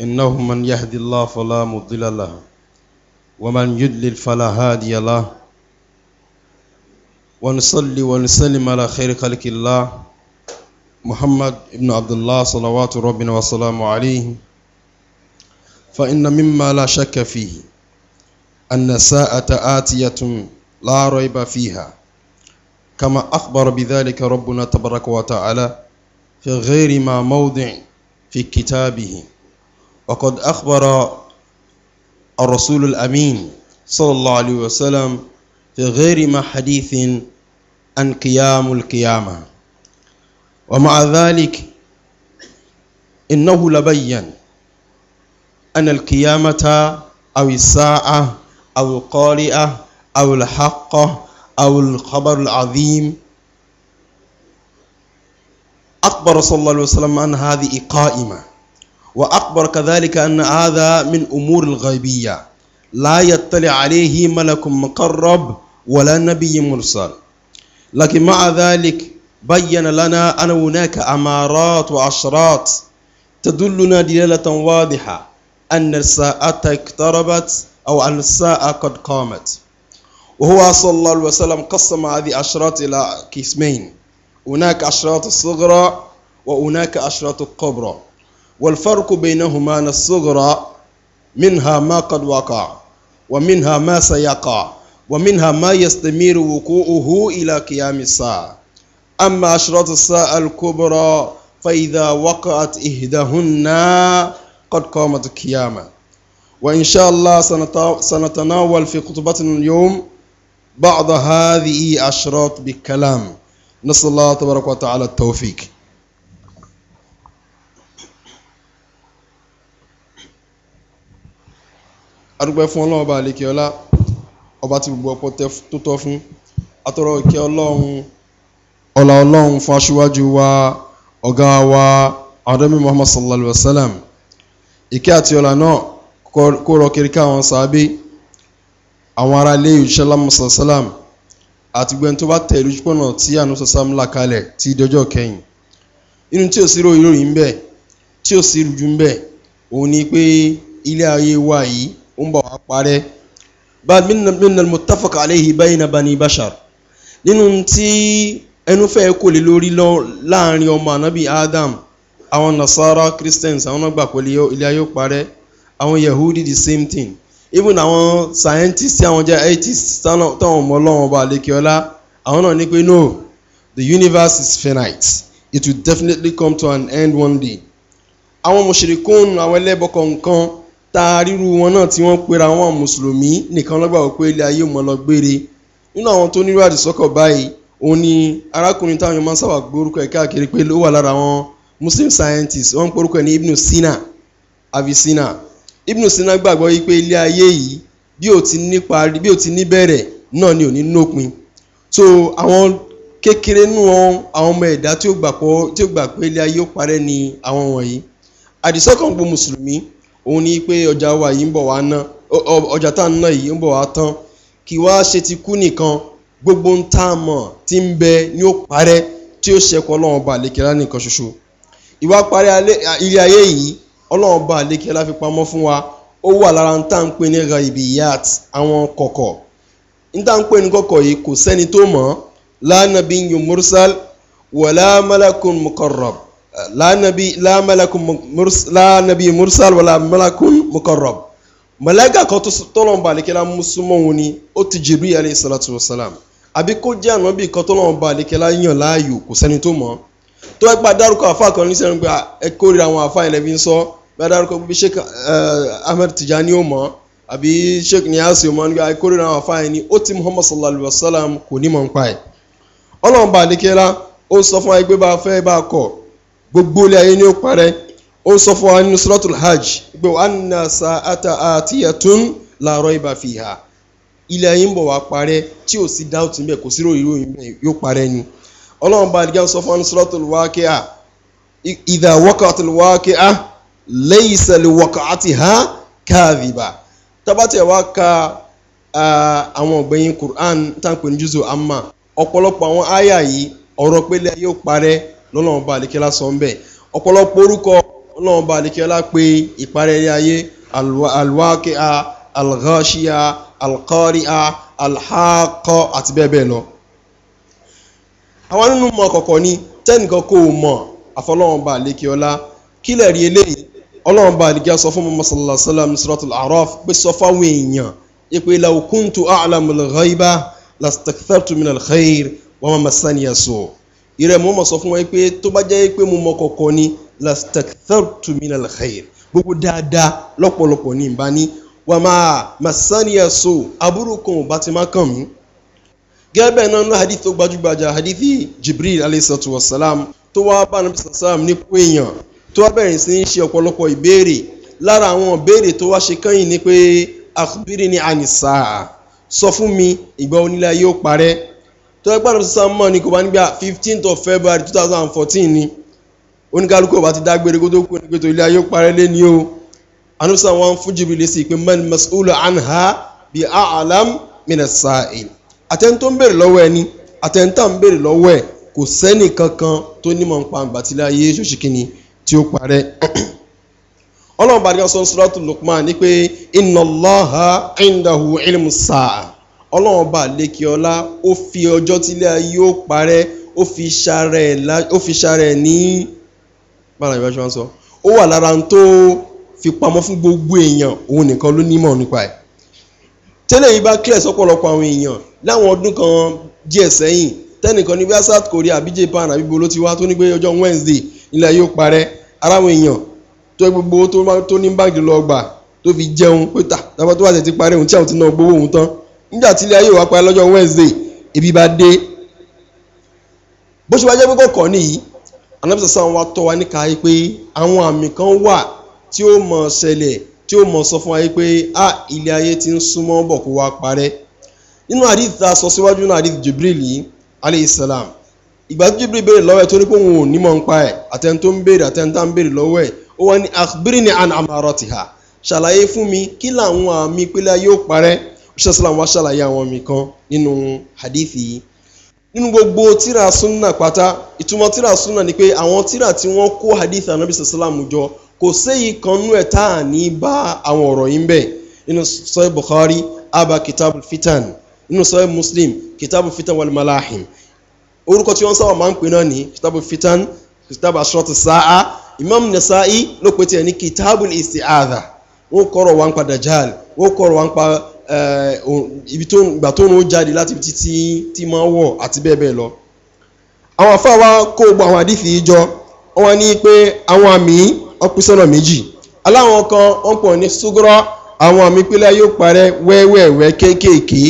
إنه من يهدي الله فلا مضل له ومن يضلل فلا هادي له ونصلي ونسلم على خير خلق الله محمد بن عبد الله صلوات ربنا وسلامه عليه فإن مما لا شك فيه أن الساعة آتية لا ريب فيها كما أخبر بذلك ربنا تبارك وتعالى في غير ما موضع في كتابه وقد أخبر الرسول الأمين صلى الله عليه وسلم في غير ما حديث أن قيام القيامة ومع ذلك إنه لبين أن القيامة أو الساعة أو القارئة أو الحق أو الخبر العظيم أخبر صلى الله عليه وسلم أن هذه قائمة وأخبر كذلك أن هذا من أمور الغيبية لا يطلع عليه ملك مقرب ولا نبي مرسل لكن مع ذلك بين لنا أن هناك أمارات وأشراط تدلنا دلالة واضحة أن الساعة اقتربت أو أن الساعة قد قامت وهو صلى الله عليه وسلم قسم هذه الأشراط إلى قسمين هناك أشراط الصغرى وهناك أشراط الكبرى والفرق بينهما أن الصغرى منها ما قد وقع ومنها ما سيقع ومنها ما يستمر وقوعه إلى قيام الساعة أما أشراط الساعة الكبرى فإذا وقعت إحداهن قد قامت القيامة وإن شاء الله سنتناول في خطبتنا اليوم بعض هذه أشراط بالكلام نسأل الله تبارك وتعالى التوفيق adúpẹ́ fún ọlọ́run ọba àlekè ọlá ọba tí gbogbo ọpọ tó tọ́ fún atọrọ ìkẹ́ ọlọ́run ọlá ọlọ́run fún aṣíwájú wa ọ̀gá wa adọ́mí muhammad sallallahu alayhi wa sallam ìkẹ́ àti ọlá náà kó rọ kiri ká àwọn sàábé àwọn ará ilé ìṣẹ́ lámùsà sálàm àti gbẹ́ni tó bá tẹ̀ ìlú pọ̀nà tí ànúṣe sálàm là kalẹ̀ tí ìdọ́jọ́ kẹyìn inú tí ò sí ròyìn ròyìn ń tí ò sí rújú ń òun ni pé ilé ayé wa yìí ó ń bọ̀ wá parẹ́ bal minna mutafaka aleyhi bayna bani bashar nínú tí ẹnu fẹ́ kò lè lórí láàrin ọmọ anabi adam àwọn nasara christians àwọn náà gbà pé ilé ayé parẹ́ àwọn yahudi the same thing even àwọn scientists àwọn jẹ́ atheists táwọn ọmọ ọlọ́wọ́n ọba àlekíọ́lá àwọn náà ní pé no the universe is finite it will definitely come to an end one day. àwọn mùsùlùkún àwọn ẹlẹ́bọ kọ̀ọ̀kan ta ríru wọn náà tí wọ́n pera wọn mùsùlùmí nìkan lọ́gbàgbọ́ pé ilé ayé mọ̀ lọ gbére nínú àwọn tó nírú àdìsọ́kọ̀ báyìí òun ni arákùnrin táwọn yẹn máa ń sábà gbórúkọ ẹ̀ káàkiri pé ló wà lára wọn muslim scientists wọ́n ń porúkọ ẹ̀ ní ibnu sina avicina ibnu sina gbàgbọ́ yìí pé ilé ayé yìí bí ò ti ní parí bí ò ti ní bẹ̀rẹ̀ náà ni ò ní nópin so àwọn kékeré nù wọn àwọn ọmọ ẹ̀dá tí ó gbà pé ilé ayé ó parẹ́ ni àwọn wọ̀nyí àdìsọ́kàn gbogbo mùsùlùmí òun ni pé ọjà wa yìí ń bọ̀ wá ná ọjà tá à ń ná yìí ń bọ̀ wá tán kì wá ṣe ti kú nìkan gbogbo ń tá a mọ̀ tí ń bẹ ni ó parẹ́ tí ó ṣẹkọ ọlọ́run ọba àlekèlá nìkan ṣoṣo ìwà parí ilé ayé yìí ọlọ́run ọba àlekèlá fi pamọ́ fún wa ó wà lára ń tá à ń pè ní raibiyat àwọn kọ̀kọ̀ ń tá à ń pè ní kọ̀kọ̀ yìí kò sẹ́ni tó mọ̀ lánàbí yun mursal wàlá la nabi la malakun murs la nabi mursal wala malakun mukarrab malaika kan tó tọ́lọ̀ ba àlekẹ́lá mùsùlùmọ́ wọn ni ó ti jibril alayhi salatu wa salam àbí kó jẹ́ ànábì kan tọ́lọ̀ ba àlekẹ́lá yàn láàyò kò sẹ́ni tó mọ̀ tó ẹ pa dárúkọ àfa kan ní sẹ́nu pé ẹ kórìíra àwọn àfa ilẹ̀ fi ń sọ bá dárúkọ bí sheik eh, ahmed tijani ó mọ̀ àbí sheik niyasi ó mọ̀ nígbà ẹ kórìíra àwọn àfa yẹn ni ó ti muhammad sallallahu alayhi wa salam kò ní mọ̀ nípa ẹ̀ ba àlekẹ́lá ó sọ fún wa pé bá a gbogbo ilé ayé ni ó parẹ́ ó sọ fún wa nínú suratul hajj pé wa anna sa'ata atiyatun la rayba fiha ilé ayé ń bọ̀ wá parẹ́ tí ò sí dáùtì ń bẹ̀ kò sí ròyìn ròyìn bẹ̀ yóò parẹ́ ni ọlọ́run bá àdìgá sọ fún wa nínú suratul waqi'a idha waqa'atil waqi'a laysa li waqa'atiha kadhiba tábàtì ẹ̀ wá ka àwọn ọ̀gbẹ̀yìn Qur'an táǹpẹ̀ ní àmà ọ̀pọ̀lọpọ̀ àwọn áyà yìí ọ̀rọ̀ pélé ayé parẹ́ lọ́lọ́run bá àlekẹ́lá sọ ń bẹ̀ ọ̀pọ̀lọpọ̀ orúkọ ọlọ́run bá àlekẹ́lá pé ìparẹ́rẹ́ ayé alwákẹ́a alghashia alqaria alhaqọ àti bẹ́ẹ̀ bẹ́ẹ̀ lọ. àwọn nínú mọ kọ̀kọ̀ ni tẹ́nìkan kò mọ̀ àfọlọ́run bá àlekẹ́ọ́lá kílẹ̀ rí eléyìí ọlọ́run bá àlekẹ́ sọ fún mọ́ sàlá sàlá araf pé sọ fáwọn èèyàn ipe law kuntu a'lamu al-ghaiba lastakthartu min al-khair wa ma masaniya ìrẹ́ mo mọ̀ sọ fún wọn pé tó bá jẹ́ pé mo mọ kọ̀ọ̀kan ni lastakthartu minal khair gbogbo dáadáa lọ́pọ̀lọpọ̀ ní ìbá ní wà máa masaniya so aburú kan ò bá ti máa kàn mí. gẹ́gẹ́ bẹ́ẹ̀ náà ní hadith tó gbajúgbajà hadith jibril alayhisatu salam tó wá bá nàbí sàlám ní kó èèyàn tó wá bẹ̀rẹ̀ sí ní ṣe ọ̀pọ̀lọpọ̀ ìbéèrè lára àwọn ìbéèrè tó wá ṣe kẹ́yìn ni pé àkùbírí ni ànìsà sọ fún mi ìgbà onílẹ̀ yóò parẹ́ tó ẹgbẹ́ àdó sísan mọ́ ni kò bá nígbà fifteenth of february two thousand and fourteen ni oníkálukú ọba ti dágbére kó tó kú ní pẹ̀tọ́ ilé ayé parẹ́ lé ní o anusa wọn fún jìbìlì sí pé man mas'ul anha bi a'lam mina sa'il àtẹ̀ntó ń bèrè lọ́wọ́ ẹni àtẹ̀ntà ń bèrè lọ́wọ́ ẹ̀ kò sẹ́nì kankan tó nímọ̀ ń pa àgbàtílẹ̀ ayé ṣòṣìkìní tí ó parẹ́ ọlọ́run bá dé sọ suratul Luqman ní pé inna Allaha indahu ilmu sa'a ọlọ́run bá lékè ọlá ó fi ọjọ́ tílé ayé ó parẹ́ ó fi ṣàrẹ̀ ní bára ìbáṣọ wọn sọ ó wà lára ń tó fi pamọ́ fún gbogbo èèyàn òun nìkan ló nímọ̀ nípa ẹ̀ tẹ́lẹ̀ yìí bá clear sọ́pọ̀lọpọ̀ àwọn èèyàn láwọn ọdún kan díẹ̀ sẹ́yìn tẹ́nìkan ní bí south korea àbí japan àbí bolo ti wá tó ní pé ọjọ́ wednesday ilẹ̀ yóò parẹ́ ara àwọn èèyàn tó gbogbo tó ní báńkì lọ gbà tó fi jẹun pé tà tábà tó wà tẹ̀ ti parẹ́ òun tí àwọn ti náà gbowó òun tán nígbà tí ilé ayé wa parí lọ́jọ́ Wednesday ebi bá dé bó ṣe wá jẹ́ pé kọ̀ọ̀kan nìyí anábìsà sáà wa tọ́ wa níka yìí pé àwọn àmì kan wà tí ó mọ̀ ṣẹlẹ̀ tí ó mọ̀ sọ fún wa yìí pé a ah, ilé ayé ti ń súnmọ́ bọ̀ kó wa parẹ́ nínú àdìsí ta sọ síwájú nínú àdìsí Jibril yìí aleyhi salam ìgbà tí Jibril béèrè lọ́wọ́ ẹ̀ tó ní pé òun ò nímọ̀ ń pa ẹ̀ àtẹni tó ń béèrè àtẹni ń béèrè lọ́wọ́ ẹ̀ ó wá ní akhbirni an amaratiha ṣàlàyé fún mi kí làwọn àmì ìpínlẹ̀ ayé ó parẹ́ ṣẹ́sìlám wá ṣàlàyé àwọn mìkan nínú hadithi yìí nínú gbogbo tíra súnà pátá ìtumọ̀ tíra súnà ni pé àwọn tíra tí wọ́n kó hadith anabi ṣẹ́sìlám jọ kò séyìí kan nú ẹ̀ tá à ní bá àwọn ọ̀rọ̀ yìí bẹ̀ nínú sọ́yìn bukhari abba kitabu fitan nínú sọ́yìn muslim kitabu fitan wal malahim orúkọ tí wọ́n sábà máa ń pè náà ní kitab fitan kitab ashratu sa'a imam nasa'i ló pe tiẹ̀ ní kitabul isti'adha wọ́n kọ̀rọ̀ wá ń pa dajjal wọ́n kọ̀rọ̀ wá ń pa ibi tó ìgbà tó ń jáde láti ibi títí tí máa ń wọ̀ àti bẹ́ẹ̀ bẹ́ẹ̀ lọ. àwọn àfáà wa kó gbogbo àwọn àdìfì yìí jọ wọ́n ní pé àwọn àmì ọpín sọ́nà méjì aláwọn kan wọ́n pọ̀ ní ṣúgọ́rọ́ àwọn àmì ìpínlẹ̀ yóò parẹ́ wẹ́wẹ́wẹ́ kéékèèké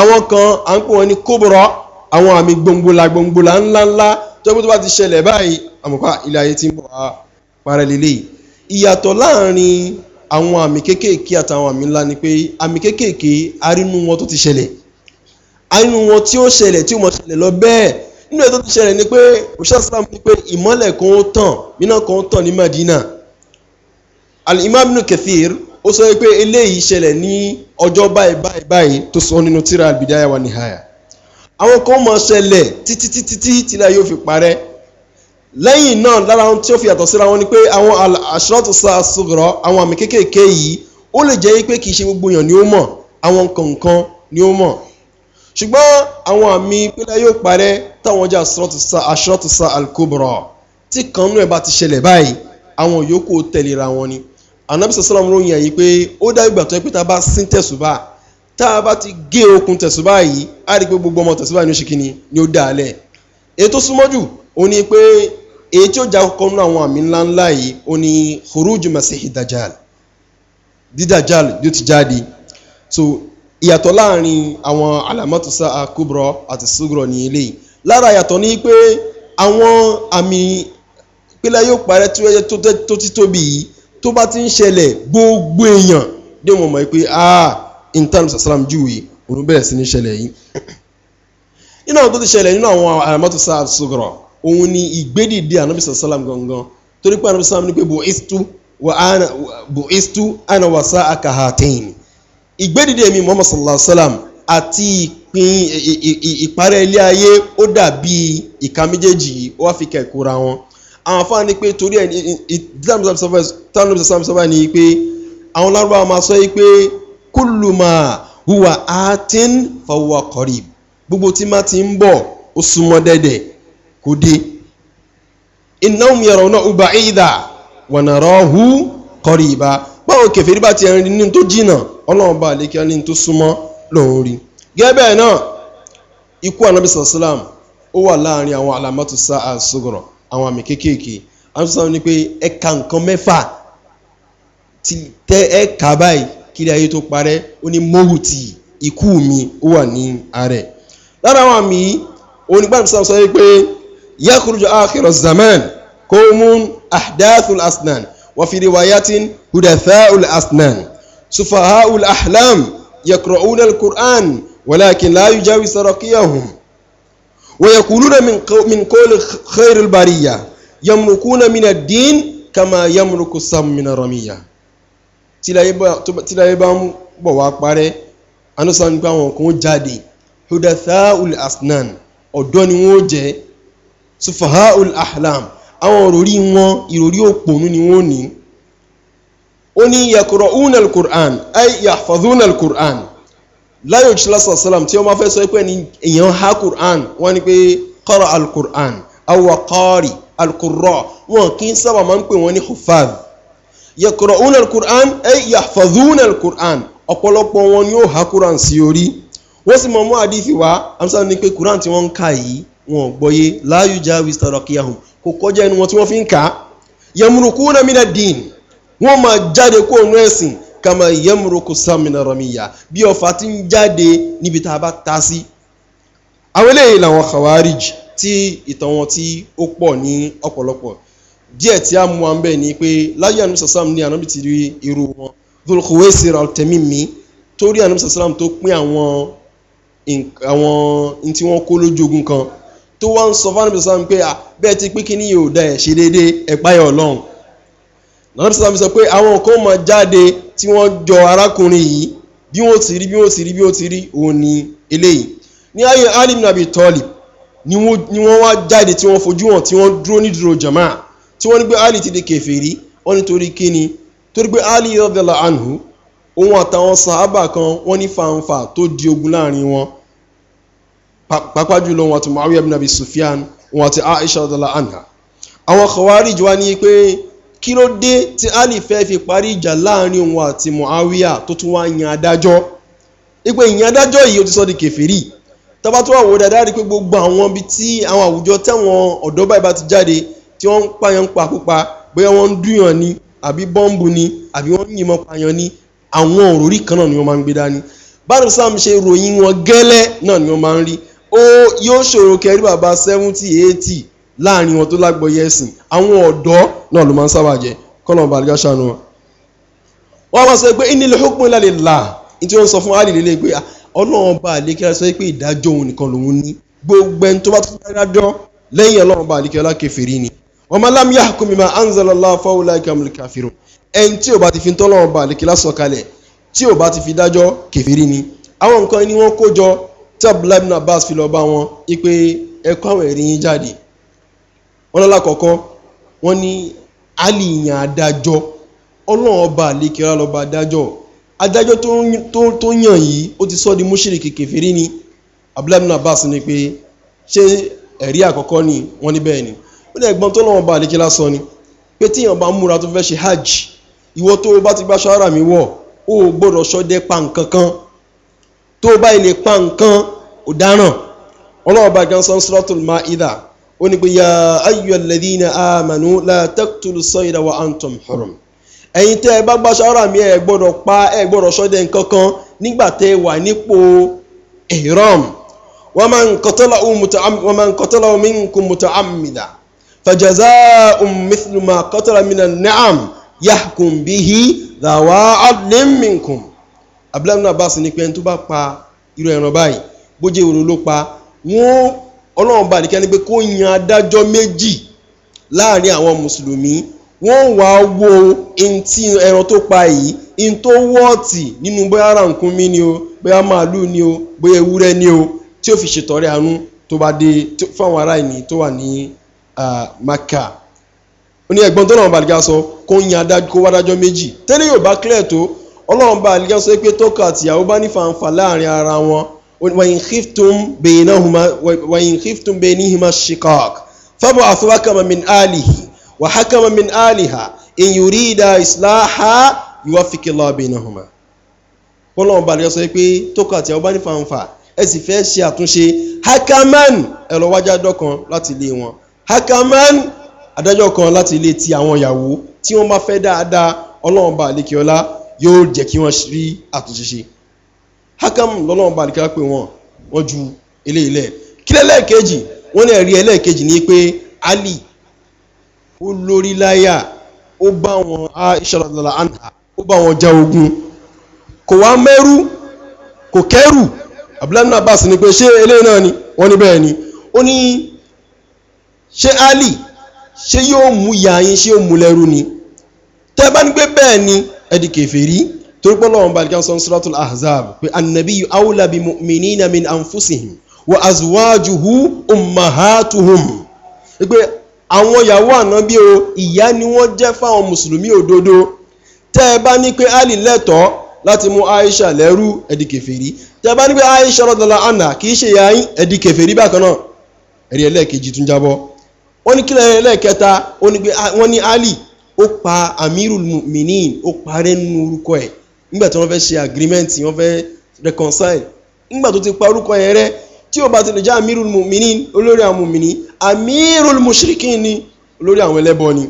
àwọn kan à ń pè wọ́n ní kóbọ̀rọ̀ àwọn àmì gbòǹgbòlà gbòǹgbòlà ńláńlá tó pé tó bá ti ṣẹlẹ̀ báyìí àmọ́ká ilé ayé ti ń bọ̀ àwọn àmì kéékèèké àtàwọn àmì ńlá ni pé àmì kéékèèké arínú wọn tó ti ṣẹlẹ̀ arínú wọn tí ó ṣẹlẹ̀ tí ó mọ̀ ṣẹlẹ̀ lọ bẹ́ẹ̀ nínú ètò tó ṣẹlẹ̀ ni pé òṣìṣẹ́ islam ni pé ìmọ́lẹ̀ kan ó tàn mìíràn kan ó tàn ní madina al-imam ibn kathir ó sọ pé eléyìí ṣẹlẹ̀ ní ọjọ́ báyìí báyìí báyìí tó sọ nínú tíra al wa nihaya àwọn kan mọ̀ ṣẹlẹ̀ títí títí tí lẹ́yìn náà lára ohun tí ó fi yàtọ̀ síra wọn ni pé àwọn àṣírọ́tò sàṣùgọ̀rọ̀ àwọn àmì kéékèèké yìí ó lè jẹ́ pé kì í ṣe gbogbo èèyàn ni ó mọ̀ àwọn kọ̀ọ̀kan ni ó mọ̀ ṣùgbọ́n àwọn àmì ìpínlẹ̀ yóò parẹ́ táwọn ọjà àṣírọ́tò sa alkobra tí kan náà bá ti ṣẹlẹ̀ báyìí àwọn yòókù tẹ̀léra wọn ni anabi sàṣàlámù ròyìn ẹ̀yìn pé ó dá ìgbà tó yẹ pé tá bá sín tẹ̀sùbà tá a bá ti gé okun tẹ̀sùbà yìí á rí i pé gbogbo ọmọ tẹ̀sùbà ni ó ṣe kíni ni ó dá a lẹ̀ ètò súnmọ́jù òun ni pé èyí tí ó já kọ́ nínú àwọn àmì ńláńlá yìí ó ní huruju masihi dajjal dídajjal yóò ti jáde so ìyàtọ̀ láàrin àwọn alamọ́tòsá akúbrọ àti sugro ní ilé yìí lára ìyàtọ̀ ní pé àwọn àmì pílẹ̀ yóò parẹ́ tó ti tóbi yìí tó bá ti ń ṣẹlẹ̀ gbogbo èèyàn dé wọn mọ̀ pé ah in terms of salam juwe òun bẹ̀rẹ̀ sí ní ṣẹlẹ̀ yìí nínú àwọn tó ti ṣẹlẹ̀ nínú àwọn alamọ́tòsá sugro òun ni ìgbédìde anabi sàlám gangan torí pé anabi sàlám ní pé bò istu ana bò istu ana wà sá akahatain ìgbédìde mi muhammad sallallahu alayhi wa sallam àti ìpín ìparẹ́ ilé ayé ó dàbí ìka méjèèjì yìí ó wá fi kẹ̀kúra wọn àwọn afáà ní pé torí ẹ̀ tánàbí sàlám sábà ní pé àwọn lárúbáwá máa sọ yìí pé kúlùmá huwa atin fawwa kọrib gbogbo tí má ti ń bọ̀ ó súnmọ́ dẹ́dẹ̀ hudi innahum yarawnahu ba'ida wa narahu qariba báwo kèfèrí bá ti ẹ̀rin ní tó jìnà ọlọ́run bá lékẹ́ ní tó súnmọ́ lòun rí gẹ́gẹ́ náà ikú anabi sallam ó wà laarin àwọn alamatu sa'a sugro àwọn àmì kéékèèké amsam ni pé ẹka nǹkan mefa ti tẹ ẹka báyìí kiri ayé tó parẹ́ ó ní mọ́wùtì ikú mi ó wà ní ààrẹ lára àwọn àmì onígbàmísà sọ wípé yakurujo akiro zaman kowmun ahdathul asnan wafi riwayatin hudathaul asnan sufahaul ahlam yakura'una alkur'an walakin la yujawi sarakiyahum ويقولون من من قول خير البريه يملكون من الدين كما يملك السم من الرميه tíláyé bá ń bọ̀ wá parẹ́ anúsàn nípa àwọn kan jáde hudatha ul asnan ọ̀dọ́ ni wọ́n jẹ́ sufahaul ahlam àwọn òròrí wọn ìròrí òpònú ni wọ́n ní ó ní yàkùrọ̀ una al-Qur'an ay yahfazuna al-Qur'an láyé òjíṣẹ́ sàlám tí wọ́n máa fẹ́ sọ pé ní èèyàn ha Qur'an wọ́n ní pé qara al-Qur'an awa qari al-qurra wọn kì í sábà máa ń pè wọ́n ní hufaz yàkùrọ̀ una al ay yahfazuna al ọ̀pọ̀lọpọ̀ wọn ni ha Qur'an sí orí wọ́n sì mọ̀ mú àdífì amsa ní pé Qur'an tí wọ́n ń ka yìí wọn ò gbọ́yé láàyò já wistarakiahum kò kọjá ẹnu wọn tí wọ́n fi ń kà á yẹmúrukú náà mí náà dín wọ́n máa jáde kó òun ẹ̀sìn kàmá yẹmúrukú sàmìnà rọmìyà bí ọ̀fà ti ń jáde níbi tá a bá ta sí. àwọn eléyìí làwọn khawarij tí ìtàn wọn tí ó pọ̀ ní ọ̀pọ̀lọpọ̀ díẹ̀ tí a mú wa ń bẹ̀ ni pé láyé àná sàsàm ní àná bìtì rí irú wọn dulkuwesi raltemi mi torí àná sàsàm tó pín àwọn àwọn ntí wọn kó tó wá ń sọ fún àníbísọ̀ sọ́mi pé bẹ́ẹ̀ ti pín kíní yóò da ẹ̀ ṣe déédéé ẹ̀páyà ọlọ́run àníbísọ̀ sọ́mi sọ pé àwọn kan máa jáde tí wọ́n jọ arákùnrin yìí bí wọ́n ti rí bí wọ́n ti rí bí wọ́n ti rí òun ni eléyìí ní ayé alim nabi tọ́lì ni wọ́n wá jáde tí wọ́n fojú hàn tí wọ́n dúró nídúró jama tí wọ́n ní pé ali ti di kẹfẹ́rí wọ́n ní torí kíni torí pé ali yọ̀dọ̀lá anhu òun àtàwọn sàábà kan wọ́n ní fanfa tó di ogun láàrin wọn pàápàá jùlọ wọn àti muawiya bin abi sufyan wọn àti aisha ọdọlá anha àwọn khawarij wá ní pé kí ló dé tí ali fẹ́ fi parí ìjà láàrin òun àti muawiya tó tún wá yan adájọ́ ipe ìyẹn adájọ́ yìí ó ti sọ di kẹfìrí tọ́ba tó wà wò dáadáa rí pé gbogbo àwọn ibi tí àwọn àwùjọ táwọn ọ̀dọ́ báyìí bá ti jáde tí wọ́n ń pààyàn ń pàkópa bóyá wọ́n ń dúyàn ni àbí bọ́ǹbù ni àbí wọ́n ń yìnbọn pààyàn ni àwọn òròrí kan náà ni wọ́n máa ń gbé dání bá a ní sáà ṣe ròyìn wọn gẹ́lẹ́ náà ni wọ́n máa ń rí ó yóò ṣòro kẹrí bàbá seventy eighty láàrin wọn tó lágbọ́yé ẹ̀sìn àwọn ọ̀dọ́ náà ló máa ń sábà jẹ kọ́lọ̀n bàdìgá ṣàánú wọn. wọ́n wá sọ pé inil hukmu illa lillah ní tí wọ́n sọ fún alì lélẹ̀ pé ah, ọlọ́run bá àlékẹ́lá sọ pé ìdájọ́ òun nìkan lòun ní gbogbo ẹni tó bá tó bá dájọ́ lẹ́yìn ọlọ́run bá àlékẹ́lá kẹfìrí ni. wa man lam yahkum bima anzala Allah fa ulaika humul kafirun ẹni tí ò bá ti fi tọ́lọ́run bá àlékẹ́lá sọ kalẹ̀ tí ò bá ti fi dájọ́ kẹfìrí ni. àwọn nǹkan ni wọ́n kó jọ tí abdullahi bin abbas fi lọ́ọ́ bá wọn ipe ẹ̀kọ́ àwọn ẹ̀rí yín jáde wọn lọ́la wọn ní ali adájọ́ ọlọ́run ọba àlekèrè lọ́ba adájọ́ adájọ́ tó yàn yìí ó ti sọ́ di mùsùlùmí kékeré ni abdullahi bin abbas ní pé ṣé ẹ̀rí àkọ́kọ́ ni wọ́n ní bẹ́ẹ̀ ni ó dẹ̀ gbọ́n tó lọ́wọ́ bá àlejò lásán ni pé tíyàn bá ń múra tó fẹ́ ṣe hajj ìwọ tó o bá ti gbá ṣọ́ra mi wọ̀ o ò gbọ́dọ̀ tó o báyìí lè pa nǹkan ọ̀daràn ọlọ́run bá gan san suratul maida ó ní pé ya ayyuhal ladhina amanu la taqtulu sayda wa antum hurum ẹ̀yin tẹ́ ẹ bá gbá ṣọ́ra mi ẹ gbọ́dọ̀ pa ẹ gbọ́dọ̀ ṣọdẹ nǹkan kan nígbà tẹ́ wà nípò ihram wọ́n máa ń kọ́tọ́lá omi nǹkan muta'ammida fàjàzá ummithlu ma qatala abdullahi ibn abbas ní pé ẹni tó bá pa irú ẹran báyìí bójú èrò ló pa wọn ọlọ́run bá nìkan ni pé kó yan adájọ́ méjì láàrin àwọn mùsùlùmí wọ́n wá wo ntí ẹran tó pa yìí ntó wọ́ọ̀tì nínú bóyá rànkúnmí ni o bóyá màálù ni o bóyá ewúrẹ́ ni o tí ó fi ṣètọ́rẹ́ àánú tó bá dé fáwọn ará ìní tó wà ní maka ó ní ẹ̀gbọ́n tó náà bàlíkà sọ kó yan adájọ́ méjì tẹ́lẹ̀ yóò bá clear tó ọlọ́run bá àlìkẹ́ sọ pé tọ́kọ àtìyàwó bá ní fàǹfà láàrin ara wọn wàyìn khiftum bẹ́ẹ̀ ní hima shikak fábọ̀ àfọwákàmà min alihi wàhákàmà min aliha ìyúrí ìdá ìsìláhà ìwà fìkìlá bẹ́ẹ̀ náà hùmà. ọlọ́run bá àlìkẹ́ sọ pé tọ́kọ àtìyàwó bá ní fàǹfà ẹ sì fẹ́ ṣe àtúnṣe hakaman ẹ̀rọ wájà dọ́kan láti ilé wọn hakaman adájọ́ kan láti ilé ti àwọn ìyàwó tí wọ́n bá fẹ́ dáadáa ọlọ́run bá àlìkẹ́ yóò jẹ́ kí wọ́n rí àtúnṣe ṣe hakam lọ́lọ́run bá nìkan pé wọ́n wọ́n ju ilé ilẹ̀ kí lẹ́lẹ́ẹ̀kejì wọ́n ní ẹ̀rí ẹlẹ́ẹ̀kejì ni pé ali ó lórí láyà ó bá wọn aisha lọ́lọ́lá anha ó bá wọn já ogun kò wá mẹ́rú kò kẹ́rù abdullahi abbas ni pé ṣé eléyìí náà ni wọ́n ní bẹ́ẹ̀ ni ó ní ṣé ali ṣé yóò mú ìyá yín ṣé yóò mú lẹ́rú ni tẹ́ bá ní pé bẹ́ẹ̀ ni ẹ̀dì kẹfẹ́rí torí pé lọ́wọ́n balùwẹ̀ sọ suratul ahzab pé annabiyyu awla bi mu'minina min anfusihim wa azwajuhu ummahatuhum pé àwọn ìyàwó ànábí o ìyá ni wọ́n jẹ́ fáwọn mùsùlùmí òdodo tẹ́ ẹ bá ní pé ali lẹ́tọ̀ọ́ láti mú aisha lẹ́rú ẹ̀dì kẹfẹ́rí tẹ́ ẹ bá ní pé aisha rọ́dọ̀lá àná kì í ṣe ìyá yín ẹ̀dì bákan náà ẹ̀rí ẹlẹ́ẹ̀kejì tún jábọ́ wọ́n ní kílẹ̀ ẹlẹ́ẹ̀kẹta wọ́n ní ali ó pa amirul minin ó parẹ́ nínú orúkọ ẹ̀ nígbà tí wọ́n fẹ́ ṣe agreement wọ́n fẹ́ reconcile nígbà tó ti pa orúkọ yẹn rẹ́ tí ó bá ti lè jẹ́ amirul minin olórí àwọn minin amirul mushrikin ni olórí àwọn ẹlẹ́bọ ni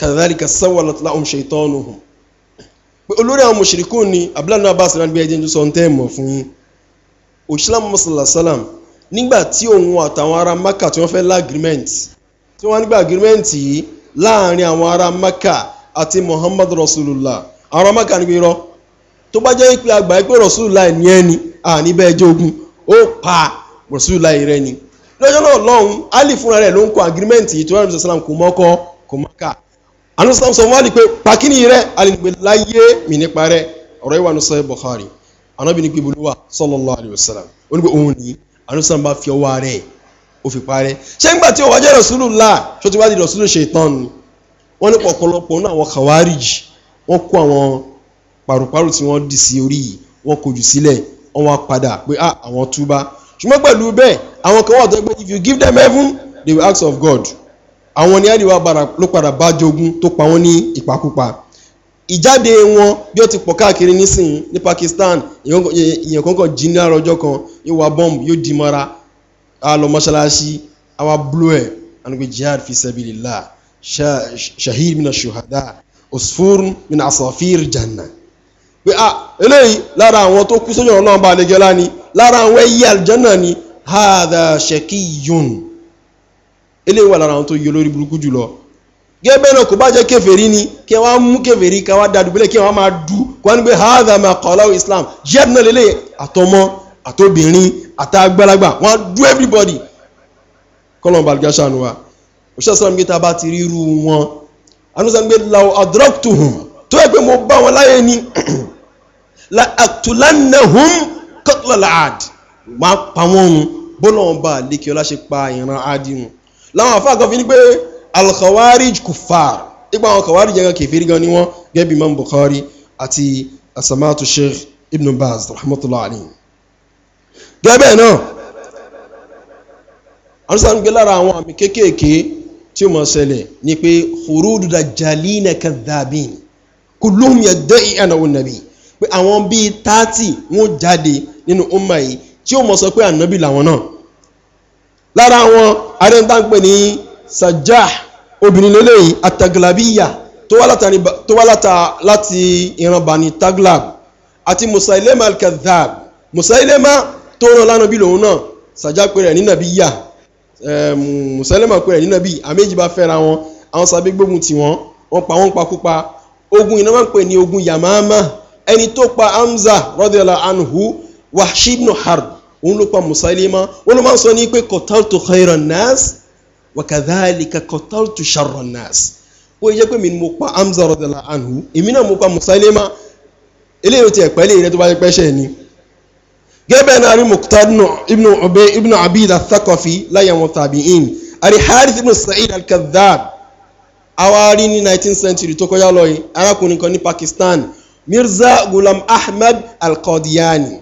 kàdàdàríkà sáwàlátàlá òun ṣe ìtọ́nù hù pé olórí àwọn mùsùlùkù ni abdullahi abbas náà gbé ẹjẹ́ ń sọ mọ̀ fún yín òṣìlá mọ́sálà nígbà tí òun àtàwọn ará maka tí wọ́n fẹ́ lágrímẹ́ǹt tí wọ́n nígbà agirimẹ́ǹtì yìí láàrin àwọn ará maka àti muhammadu rasulullah àwọn ará maka níbi irọ́ tó bá jẹ́ ìpè àgbà ìpè rasulullah ní ẹni àní bẹ́ẹ̀ jẹ́ ogun ó pa rasulullah rẹ ni lọ́jọ́ náà lọ́hùn ali fúnra rẹ̀ ló ń kọ agirimẹ́ǹtì yìí tó wà nípa sàlám kò mọ́kọ́ kò mọ́kà àná sàlám sọ wọ́n á lè pe pàkínì rẹ̀ alìgbè láyé mi nípa rẹ̀ ọ̀rọ̀ ìwà ní sọ́yẹ́ buhari àná bí ní gbé bolúwa sallallahu alaihi wasallam ó ní pé òun ní àná bá fi ọwọ́ rẹ̀ ó fi parẹ́ ṣé nígbà tí ó wá jẹ́ Rasulullah ṣó ti wá di Rasulu Ṣaitan ni wọ́n ní ọ̀pọ̀lọpọ̀ náà àwọn kàwárìjì wọ́n kó àwọn pàrọ̀pàrọ̀ tí wọ́n dì sí orí yìí wọ́n kò sílẹ̀ wọ́n wá padà pé ah, àwọn túbá ṣùgbọ́n pẹ̀lú bẹ́ẹ̀ àwọn kan wà tó pé if you give them heaven they will ask of God àwọn ní àdìwá ló padà bá jogun tó pa wọ́n ní ìpakúpa ìjáde wọn bí ó ti pọ̀ káàkiri nísìnyí ní Pakistan èèyàn kankan jí ní àárọ̀ ọjọ́ kan yóò wá bọ́ọ̀mù yóò di mọ́ra a lọ mọ́ṣáláṣí àwa blow ẹ̀ anugbe jihad fi sabilillah shahid mina shuhada usfur mina asafir janna pé a ah, eléyìí lára àwọn tó kú sójú ọ̀nà ọba àlejòlá ni lára àwọn ẹyẹ àlùjànnà ni hadha shakiyun eléyìí wà lára àwọn tó yẹ lórí burúkú jùlọ gẹ́gẹ́ náà kò bá jẹ́ kèfèrí ni kí wọ́n mú kèfèrí ká wá dadùbílẹ̀ kí wọ́n máa dú kí wọ́n pé hadha ma qalahu islam jihad lélẹ̀ àtọmọ àtobìnrin àtàgbàlagbà wọ́n á do everybody kọ́lọ̀ balùwẹ̀ ṣàánú wa òṣìṣẹ́ sọ́nà nígbà tá a bá ti rí irú wọn anúṣà nígbà làwọn adraktuhum tó yẹ pé mo bá wọn láyé ni la aqtulannahum qatlal ad máa pa wọ́n run bọ́lá wọn bá lékè ọlá ṣe pa ìran adìrun láwọn àfáà kan fi ní pé al-khawarij ipa àwọn khawarij yẹn kèfèrí gan ni wọ́n gẹ́bí Imam àti asamatu Sheikh Ibn Baz rahmatullahi gẹ́bẹ̀ náà arúgbó gbé lára àwọn àmì kéékèèké tí ó mọ̀ ṣẹlẹ̀ ni pé hurudu dajjalina kadhabin kulluhum yadda'i annahu nabi pé àwọn bíi táàtì wọn jáde nínú umma yìí tí ó mọ̀ sọ pé ànábì làwọn náà lára àwọn arẹ́ntàǹpẹ̀ ní sajah obìnrin lélẹ́yìn ataglabiya tó wá láti ìran bani taglab àti musailema al-kadhab musailema tó rán lánàbí lòun náà sàjá pé rẹ̀ nínàbí yà mùsẹ́lẹ̀mà pé rẹ̀ nínàbí àméjì bá fẹ́ra wọn àwọn sàbí gbógun tì wọ́n wọ́n pa wọ́n pakúpa ogun iná máa ń pè ní ogun yamama ẹni tó pa hamza rọ́dẹ̀lá anhu wahshibnu harb òun ló pa musalima wọn ló máa ń sọ ní pé kọtàlùtù khairan nas wakadhalika kọtàlùtù sharran nas ó yẹ pé mi mo pa hamza rọ́dẹ̀lá anhu èmi náà mo pa musalima eléyìí ti ẹ̀pẹ́ lè gẹ́bẹ̀ náà rí muqtadnu ibn ubay ibn abid al-thaqafi láyé wọn tabi'in àrí harith sa'id al-kadhdhab awari ní 19th century tó kọjá lọ yìí arákùnrin kan ní pakistan mirza gulam ahmed al-qadiyani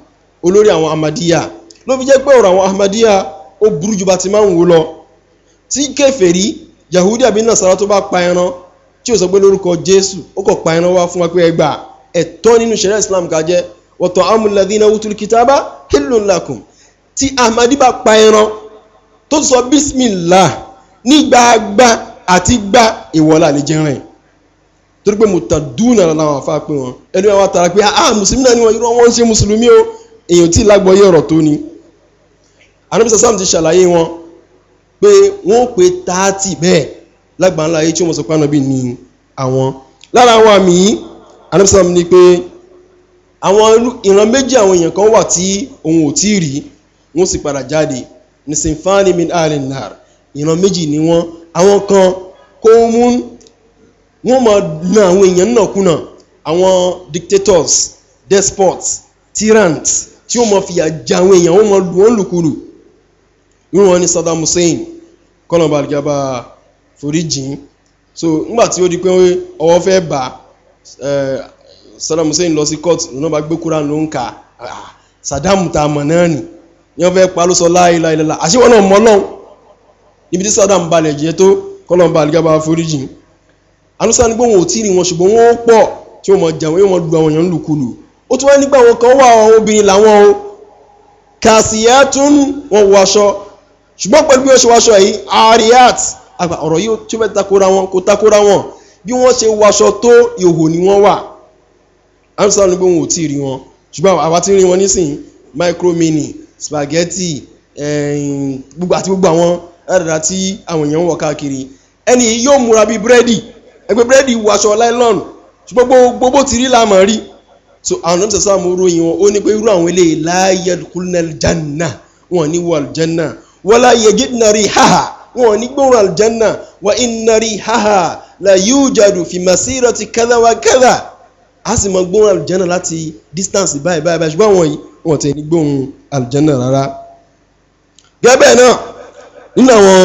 olórí àwọn ahmadiyya ló fi jẹ́ pé ọ̀rọ̀ àwọn ahmadiyya ó burú jù bá ti máa ń wò lọ tí kèfèrí yahudi àbí nasara tó bá pa ẹran tí ò sọ pé lórúkọ jésù ó kọ̀ pa ẹran wá fún wa pé ẹgbà ẹ̀tọ́ nínú ṣẹlẹ̀ islam ká wọ̀tọ̀ amúlẹ̀dínà wútul kìtàbá hìlùn lakum tí ahmadi bá pa ẹran tó sọ bísmìlá ní gbàgbà àti gbà ìwọ̀lá ní jẹrin torí pé mùtàdúnà làwọn afá pé wọn ẹni wọn tara pé ah mùsùlùmí náà ni wọn irọ́ wọn ń ṣe mùsùlùmí o èèyàn tí lágbọ́yé ọ̀rọ̀ tó ni anamisa sam ti ṣàlàyé wọn pé wọn ò pé táàtì lágbàá ńlá yìí tí wọn sọ pé ànábì ni àwọn lára àwọn àmì anamisa sam ni pé àwọn ìran méjì àwọn èèyàn kan wà tí òun ò tí rí wọ́n sì padà jáde nisinfani min alinar ìran méjì ni wọ́n àwọn kan kó mú wọ́n máa na àwọn èèyàn náà kùnà àwọn dictators despots tyrants tí wọ́n máa fìyà jẹ àwọn èèyàn wọ́n máa lù wọ́n lùkulù irú wọn ni saddam hussein kọ́nà balùjábà foríjìn so nígbà tí ó di pé ọwọ́ fẹ́ bà á eh, Saddam Hussein lọ sí court lọ́nà bá gbé kúrán ló ń kà ah, Saddam ta mọ̀ náà nì yẹn fẹ́ pa ló sọ láìla ìlàlá àṣewọ́n náà mọ́ lọ́hùn ibi tí Saddam balẹ̀ jẹ́ tó kọ́lọ́n bá àlùkà bá foríjì anusa ni pé wọn ò tí ì rí wọn ṣùgbọ́n wọn ó pọ̀ tí wọn mọ̀ jà wọn yóò mọ̀ lu àwọn èèyàn lùkulù ó tún wá nígbà wọn kan wà obìnrin làwọn o kàṣíyàtún wọn wọ aṣọ ṣùgbọ́n pẹ̀lú bí wọ́n ṣe wáṣọ yìí ariat ọ̀rọ̀ yìí tí ó fẹ́ takora wọn kò takora wọn bí wọ́n ṣe wáṣọ tó ìhò ni wọ́n wà amsterdam ló pé wọn ò tí ì rí wọn ṣùgbọ́n àwa ti rí wọn nísìnyí micro mini spaghetti gbogbo àti gbogbo àwọn dáadáa tí àwọn èèyàn ń wọ káàkiri ẹni yóò múra bíi búrẹ́dì ẹgbẹ́ búrẹ́dì wọ aṣọ láìlọ́ọ̀nù ṣùgbọ́n gbogbo ti rí làmọ́ rí so àwọn ọ̀nà sọ́sọ́ àmọ́ ròyìn wọn ó ní pé irú àwọn eléyìí láàyè kúlẹ̀ jẹ́nà wọn ní wọ àlùjẹ́nà wọ́n láàyè gídínárì háhà wọn ní gbóhùn àlùjẹ́nà wọ́n ìnárì háhà làyè ìjàdù fìmàsírọ̀ ti kẹ́dà wá kẹ́dà a sì mọ gbóhùn àlùjánà láti distance báyìí báyìí báyìí ṣùgbọ́n àwọn yìí wọ́n tẹ̀ ní gbóhùn àlùjánà rárá. gẹ́gẹ́ náà nínú àwọn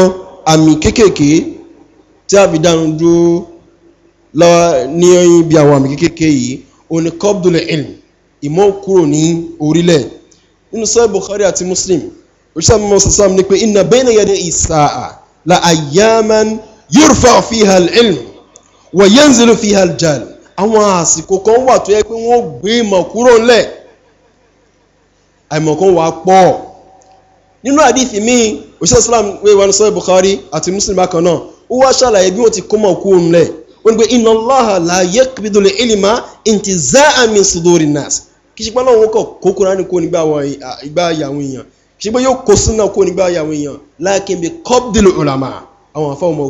àmì kéékèèké tí a fi dánu dúró lọ́wọ́ ní ọyìn bí àwọn àmì kéékèèké yìí òun ni kọ́bdùl ilm ìmọ̀ kúrò ní orílẹ̀ nínú sọ́ọ̀ bukhari àti muslim òṣìṣẹ́ mímọ́ sàsàm ni pé iná bẹ́ẹ̀ni yẹ́dẹ́ ìsàà àwọn àsìkò kan wà tó yẹ pé wọ́n gbé ìmọ̀ kúrò ńlẹ̀ àìmọ̀ kan wà pọ̀ nínú àdìsí míì òṣìṣẹ́ islam wé wa ní sọ́yẹ́ bukhari àti muslim bákan náà ó wá ṣàlàyé bí wọ́n ti kó mọ̀ kúrò ńlẹ̀ wọ́n gbé iná láhà láàyè kìbìdòlè ìlìmá ìntì záàmì sùdórì nas kì í ṣe pé ọlọ́run kọ̀ kó kúránì kó nígbà àwọn èèyàn kì í ṣe pé yóò kó súnà kó nígbà àwọn èèyàn láàkín bí kọ́bdìlù ọ̀làmà àwọn àfa ọmọ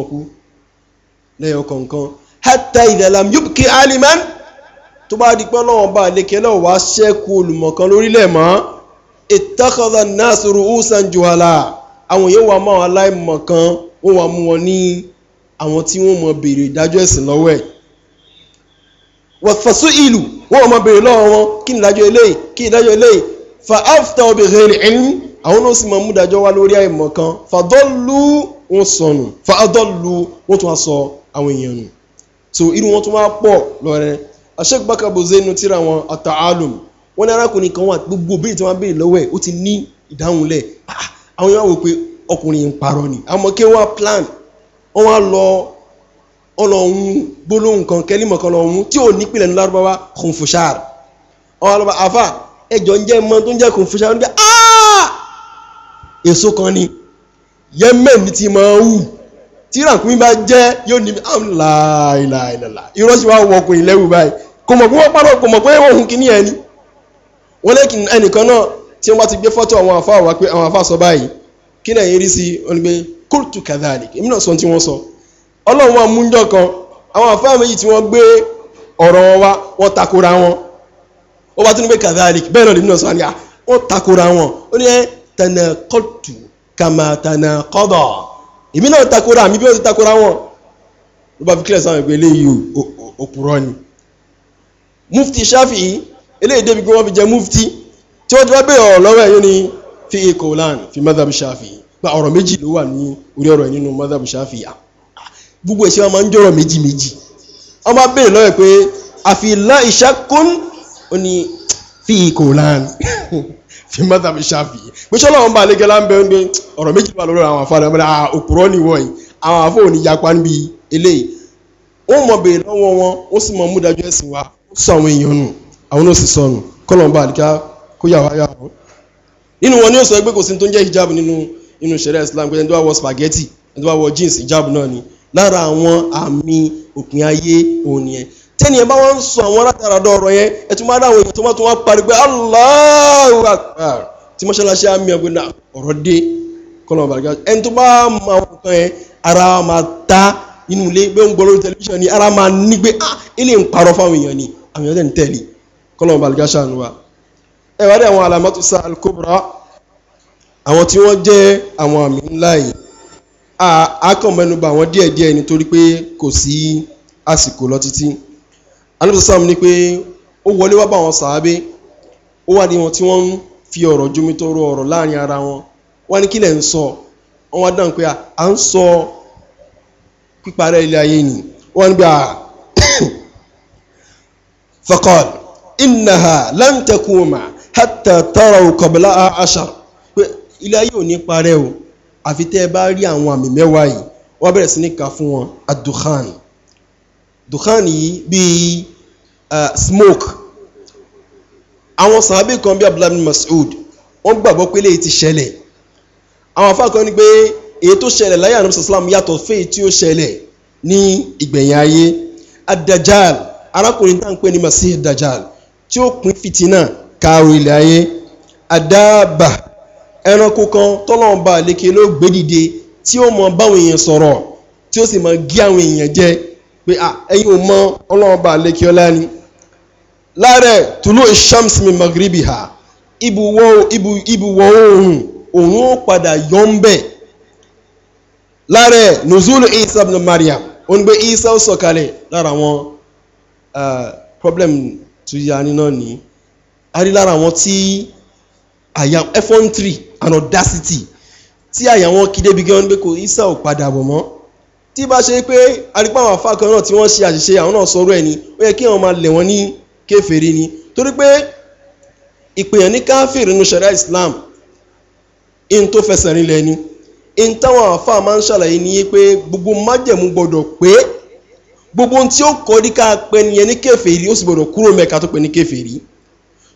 ọkú lẹ́yìn ọkọ̀ nǹkan hatta idha lam yubqi aliman tó bá di pé ọlọ́wọ́n bá lékè lọ́wọ́ wá ṣẹ́kù olùmọ̀kan lórílẹ̀ mọ́ ittakhadha an-nas ru'usan juhala àwọn yóò wá máa aláìmọ̀kan wọ́n wá mú wọn ní àwọn tí wọ́n mọ̀ béèrè ìdájọ́ ẹ̀sìn lọ́wọ́ ẹ̀ wàfàṣú ìlú wọ́n mọ̀ béèrè lọ́wọ́ wọn kí ìdájọ́ eléyìí kí ìdájọ́ eléyìí fa àwọn èèyàn nù so irú wọn tó wá pọ̀ lọ́rẹ́ Sheikh Bakar Al-Jawzi inú tíra wọn at-Ta'alum wọn ní arákùnrin kan wà gbogbo béèrè tí wọn béèrè lọ́wọ́ ẹ̀ ó ti ní ìdáhùn lẹ̀ ah, àwọn yóò wò pé ọkùnrin ń parọ́ ni àmọ́ kí wọ́n plan wọ́n á lọ ọlọ́hun gbólóhùn kan kẹ́límọ̀ kan lọ́hún tí ò ní pìlẹ̀ ní lárúbáwá kùnfùṣàr ọ̀hún alọ́ba àfà ẹjọ́ ń jẹ́ mọ́ tó ń jẹ́ kùnfùṣàr ń jẹ́ aaa èso kan ni Yemen ti máa wù tí ràkúnmí bá jẹ́ yóò ní láìláìlà irọ́ sì wá wọ ọkùnrin lẹ́rù báyìí kò mọ̀ pé wọ́n pàrọ̀ kò mọ̀ pé òun kì í ní ẹni wọ́n lẹ́kìn ẹnìkan náà tí wọ́n bá ti gbé fọ́tò àwọn àfa wá pé àwọn àfa sọ báyìí kí náà yín rí sí olùgbé kóòtù kàdáàlì èmi náà sọ tí wọ́n sọ ọlọ́run kọ́dọ̀ èmi náà takora àmì bí wọ́n ti takora wọn ló bá fi kílẹ̀ sáwọn ìpè eléyìí òpùrọ̀ ni mufti shafi eléyìí débi pé wọ́n fi jẹ mufti tí wọ́n ti wá bẹ̀rẹ̀ ọ̀rọ̀ lọ́wọ́ ẹ̀yọ́ ni fi ekolan fi madhab shafi gba ọ̀rọ̀ méjì ló wà ní orí ọ̀rọ̀ nínú madhab shafi ah, ah, gbogbo ìṣe wọn máa ń jọ̀rọ̀ méjì méjì wọ́n bá bẹ̀rẹ̀ lọ́wọ́ pé àfi la ìṣàkún ó ní fi ekolan fi mọ́tà fi ṣáfì pé ṣọ́lá wọn bá alẹ́gẹ́lá ń bẹ ń gbé ọ̀rọ̀ méjì wà lórí àwọn afárá ọmọdé òpùrọ́ ni wọ́n yìí àwọn afọ́ òní yapa níbi eléyìí ó mọ̀ bèrè lọ́wọ́ wọn ó sì mọ̀ múdájú ẹ̀sìn wa ó sọ àwọn èèyàn nù àwọn ó sì sọnù kọ́lọ̀ bá àdìkà kó yà wáyà wọn. nínú wọn ni ó sọ pé kò sí tó ń jẹ́ hijab nínú inú ṣẹ̀rẹ̀ Islam pé ẹni tó wọ spaghetti ẹni tó wọ jeans hijab náà ni lára àwọn àmì òpin ayé òní ẹ̀ tẹ́niyàn bá wọ́n ń sọ àwọn látàrádọ́ ọ̀rọ̀ yẹn ẹ̀tún máa dáwọn èèyàn tó wọ́n tó wọ́n parí pé Allahu Akbar tí mọ́ṣáláṣí àmì ọ̀gbìn náà ọ̀rọ̀ dé kọ́nà ọ̀bàdàn gáàsì ẹni tó bá máa wọ̀ kan yẹn ara máa ta inú ilé gbé ń gbọ́ lórí tẹlifíṣàn ni ara máa ní gbé ah ilé ń parọ́ fáwọn èèyàn ni àwọn èèyàn tẹ̀ ń tẹ̀lé kọ́nà ọ̀bàdàn gáàsì àánú wa ẹ wá dé àwọn alamatu anabisam ni pé ó wọlé wá bá wọn sàábé ó wá ní wọn tí wọ́n ń fi ọ̀rọ̀ jomitoro ọ̀rọ̀ láàrin ara wọn wọ́n ní kílẹ̀ ń sọ wọ́n wá dáhùn pé à ń sọ píparẹ́ ilé ayé ni wọ́n ní bí a fakọ́l ìnáha láǹtẹ̀kùnmá hátà tọrọ kọ̀bìlá àṣà pé ilé ayé ò ní parẹ́ o àfi tẹ́ ẹ bá rí àwọn àmì mẹ́wàá yìí wọ́n bẹ̀rẹ̀ sí ní kà fún wọn àdùkán dùkán yìí bíi Uh, smoke àwọn sàábì kan bí abdullahi masoud wọ́n gbàgbọ́ pé léyìí ti ṣẹlẹ̀ àwọn afá kan ní pé èyí tó ṣẹlẹ̀ láyé àná sàlám yàtọ̀ fèyí tí ó ṣẹlẹ̀ ní ìgbẹ̀yìn ayé adajal arákùnrin tá à ń pè ní masih dajal tí ó pín fìtínà kaaro ilẹ̀ ayé adáàbà ẹranko kan tọ́lọ́mọba àlékè ló gbé dìde tí ó mọ báwọn èèyàn sọ̀rọ̀ tí ó sì mọ gí àwọn èèyàn jẹ pé ẹ̀yin ò mọ ọlọ́mọba àlékè ọlá ni lára tùlù shams min maghribiha ibùwọ̀ ibùwọ̀ oòrùn oòrùn ó padà yọ ń bẹ̀ lára nùzúlù isa ibn mariam ó ń gbé isa ó sọ̀kalẹ̀ lára àwọn problem tó yá níná ní a rí lára àwọn tí àyà effrontery and audacity tí àyà wọn kí débi gan pé kò isa ò padà bọ̀ mọ́ tí bá ṣe pé arípa àwọn afáàkọ náà tí wọ́n ṣe àṣìṣe àwọn náà sọ̀rọ̀ ẹ̀ ni ó yẹ kí àwọn máa lẹ̀ wọ́n ní kèfèrí ni torí pé ìpèyàn ní káfíìrì nínú sẹ̀ríà islam in tó fẹsẹ̀ rinlẹ̀ ni in táwọn àfa máa ń ṣàlàyé ni pé gbogbo májẹ̀mú gbọ́dọ̀ pé gbogbo ohun tí ó kọ́ ní ká pẹ́ nìyẹn ní kèfèrí ó sì gbọ́dọ̀ kúrò mẹ́ka tó pẹ́ ní kèfèrí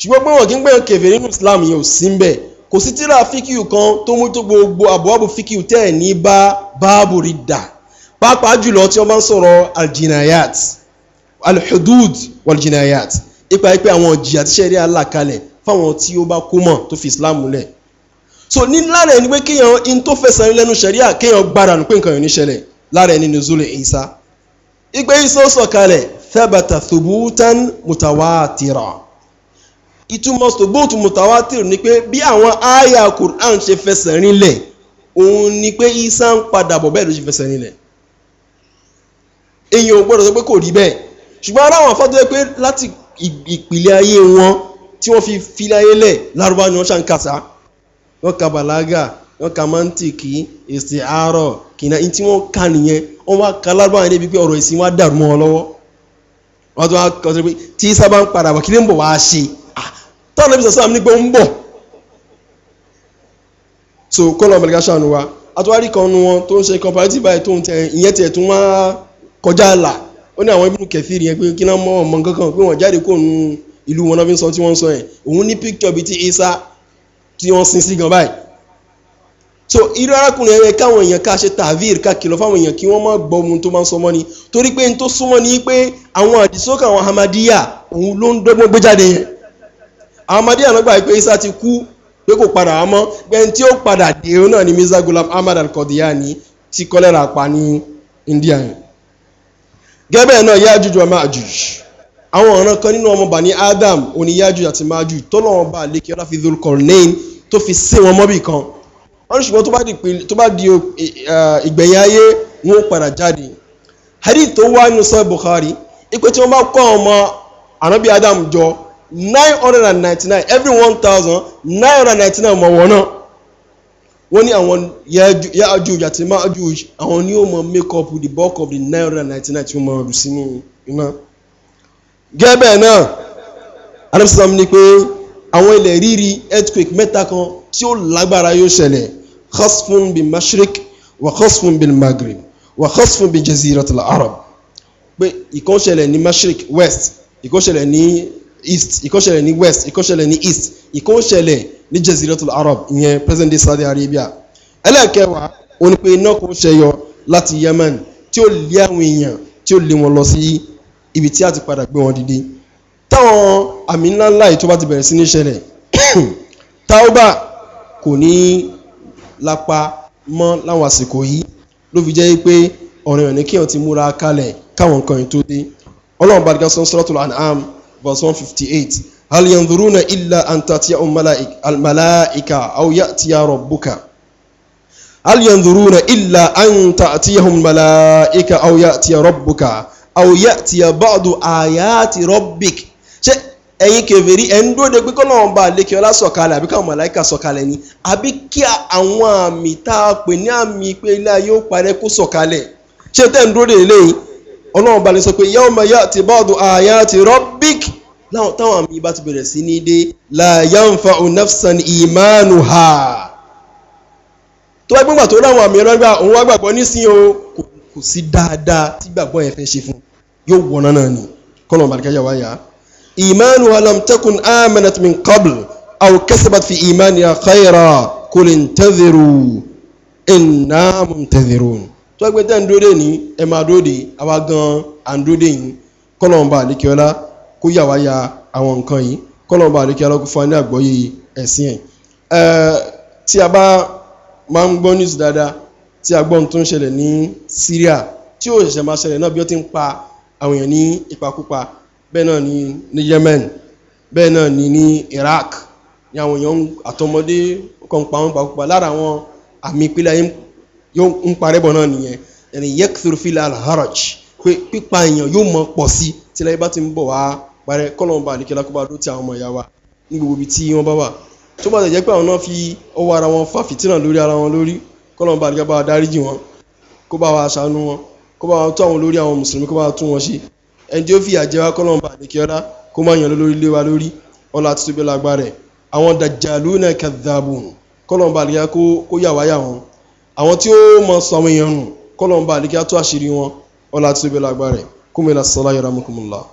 ṣùgbọ́n pé wọn kì í gbẹ̀yàn kèfèrí nínú islam yẹn ò sí ń bẹ̀ kò sí tíra fíkìú kan tó mú tó gbogbo àbúwábù fíkìú tẹ̀ ní bá báàbù rí dà pàápàá jùlọ tí wọ́n bá ń sọ̀rọ̀ aljinayat alhudud waljinayat ipa ipe àwọn ìjìyà tí sẹ́rí alákalẹ̀ fáwọn tí ó bá kó mọ̀ tó fi islam lẹ̀ so ní lára ẹni pé kéèyàn in tó fẹsẹ̀ lẹ́nu sẹ́ríà kéèyàn gbára nù pé nǹkan yóò ní ṣẹlẹ̀ lára ẹni nuzul Isa ipe Isa sọ̀kalẹ̀ thabata thubutan mutawatira ìtumọ̀ thubutu mutawatira ni pé bí àwọn aya Qur'an ṣe fẹsẹ̀ rinlẹ̀ òun ni pé Isa ń padà bọ̀ bẹ́ẹ̀ ló ṣe fẹsẹ̀ rinlẹ̀ èèyàn ò gbọ́dọ̀ sọ pé kò rí bẹ́ẹ̀ ṣùgbọ́n aláwọn kan tó yẹ pé láti ìpìlẹ̀ ayé wọn tí wọ́n fi filẹ̀ ayé lẹ̀ lárúbá ni wọ́n ṣàǹkàṣà wọ́n ka bàlágà wọ́n ka mántìkì èsì àárọ̀ kìnnà ní tí wọ́n ka nìyẹn wọ́n wá ka lárúbá yẹn débi pé ọ̀rọ̀ ìsìn wá dàrú mọ́ ọ lọ́wọ́ wọ́n tún wá kọ́ sí pé tí sábà ń padà bọ̀ kí ló ń bọ̀ wá ṣe táwọn ní pé ó ń bọ̀ so kọ́lọ̀ mẹ́ríkà ṣàánú wa àtúwárí kan nu wọn tó ń ṣe comparative ó ní àwọn ibùdó kẹfìrì yẹn pé kí náà mọ ọmọ kankan pé wọ́n jáde kó nu ìlú wọn náà fi ń sọ tí wọ́n ń sọ yẹn òun ní píkítọ̀ bíi ti isa tí wọ́n sin sí gan báyìí so irú arákùnrin ẹ̀rẹ́ káwọn èèyàn ká ṣe tavir ká kìlọ̀ fáwọn èèyàn kí wọ́n má gbọ́ ohun tó máa ń sọmọ́ ni torí pé n tó súnmọ́ ni pé àwọn àdìsókè àwọn hamadiya òun ló ń dọ́gbọ́n gbé jáde yẹn àwọn náà gbà pé isa ti kú pé kò padà wá pé n tí ó padà dé òun náà ni mirza gulam ahmad al-kordiyani ti kọ́lẹ́ra pa ní india yẹn gẹ́bẹ̀ náà yájújú àmà àjújù àwọn ọ̀ràn kan nínú ọmọ bani adam òní yájújú àti májújù tọ́lọ́wọ́n bá lékè ọlá fi dúró kọ̀ọ̀nẹ́yìn tó fi sí wọn mọ́bì kan wọ́n ṣùgbọ́n tó bá di ìgbẹ̀yìn ayé wọn ó padà jáde hadith tó wá nínú sọ buhari ipe tí wọ́n bá kọ́ ọmọ anabi adam jọ nine hundred and ninety nine every one thousand nine hundred and ninety nine ọmọ wọn náà wọ́n ní àwọn Ya'juj àti Ma'juj àwọn ni yóò mọ make up the bulk of the nine hundred and ninety nine tí wọ́n mọ ọdún sínú iná. gẹ́bẹ̀ náà aramsalam ní pé àwọn ilẹ̀ rírì earthquake mẹ́ta kan tí ó lágbára yóò ṣẹlẹ̀ khasfun bin mashrik wa khasfun bin maghrib wa khasfun bin jaziratul arab pé ìkan ní mashrik west ìkan ṣẹlẹ̀ ní east ìkan ṣẹlẹ̀ ní west ìkan ṣẹlẹ̀ ní east ìkan ṣẹlẹ̀ ní jaziratul arab ìyẹn present day saudi arabia ẹlẹ́ẹ̀kẹwàá ó ní pé iná kò ṣẹyọ láti yemen tí ó lé àwọn èèyàn tí ó lé wọn lọ sí ibi tí a ti padà gbé wọn dìde táwọn àmì ńláńlá yìí tó bá ti bẹ̀rẹ̀ sí ní ṣẹlẹ̀ taoba kò ní lápá mọ́ láwọn àsìkò yìí ló fi jẹ́ pé ọ̀rìn ọ̀nì kíyàn ti múra kalẹ̀ káwọn nǹkan yìí tó dé ọlọ́run bá dìgbà sọ́n suratul an'am verse one fifty eight hal yanzuruna illa an tatiya almalaika aw ya'tiya rabbuka hal yanzuruna illa an ta'tiyahum malaika aw ya'tiya rabbuka aw ya'tiya ba'du ayati rabbik ṣé ẹ̀yin kèfèrí ẹ̀ ń dóde pé kọ́lọ́run bá lékè ọlá sọ̀kalẹ̀ àbí káwọn màláìka sọ̀kalẹ̀ ni àbí kí àwọn àmì tá a pè ní àmì pé ilé ayé ó parẹ́ kó sọ̀kalẹ̀ ṣé tẹ́ ń dóde lẹ́yìn ọlọ́run bá sọ pé yawma ya'ti ba'du ayati rabbik táwọn àmì bá ti bẹ̀rẹ̀ sí ní dé láyánfà onafsan ìmánu ha tó wá gbọ́ngbà tó láwọn àmì ọlọ́gbà òun wá gbàgbọ́ nísìn o kò sí dáadáa tí gbàgbọ́ yẹn fẹ́ ṣe fún yóò wọ̀nà náà ni kọ́nà bàdìkáyà wá yá ìmánu alam takun amanat min qabl aw kasabat fi imani khayra kul intadhiru inna muntadhirun tó wá gbé tẹ́ ń dóde ní ẹ̀ máa dóde àwa kó yà wá ya àwọn nǹkan yìí kọ́lọ̀ bá àríkí alákó fún wa ní àgbọ́yé ẹ̀sìn ẹ̀ tí a bá máa ń gbọ́ news dáadáa tí a gbọ́ tó ń ṣẹlẹ̀ ní Syria tí ó ṣẹ̀ṣẹ̀ máa ṣẹlẹ̀ náà bí ó ti ń pa àwọn èèyàn ní ìpakúpa bẹ́ẹ̀ náà ni ní Yemen bẹ́ẹ̀ náà ni ní Iraq ni àwọn èèyàn àtọmọdé kan pa wọn pakúpa lára àwọn àmì ìpínlẹ̀ yóò ń parẹ́bọ̀ náà nìyẹn ẹni yẹ́kìtìrìfìlà parẹ́ kọ́lọ́mbà àdìkẹ́lá kó bá dó ti àwọn ọmọ ìyá wa ní gbogbo ibi tí wọ́n bá wà tó bá tẹ̀jẹ́ pé àwọn náà fi ọwọ́ ara wọn fà fìtínà lórí ara wọn lórí kọ́lọ́mbà àdìkẹ́lá bá dáríjì wọn kó bá wa ṣàánú wọn kó bá wa tó àwọn olórí àwọn mùsùlùmí kó bá wa tún wọn ṣe ẹni tí ó fìyà jẹ wá kọ́lọ́mbà àdìkẹ́lá kó má yàn lórí lé wa lórí ọlá àti tóbi lágbára ẹ̀ àwọn dàjàlú náà kàdàbùn kọ́lọ́mbà àdìkẹ́lá kó yà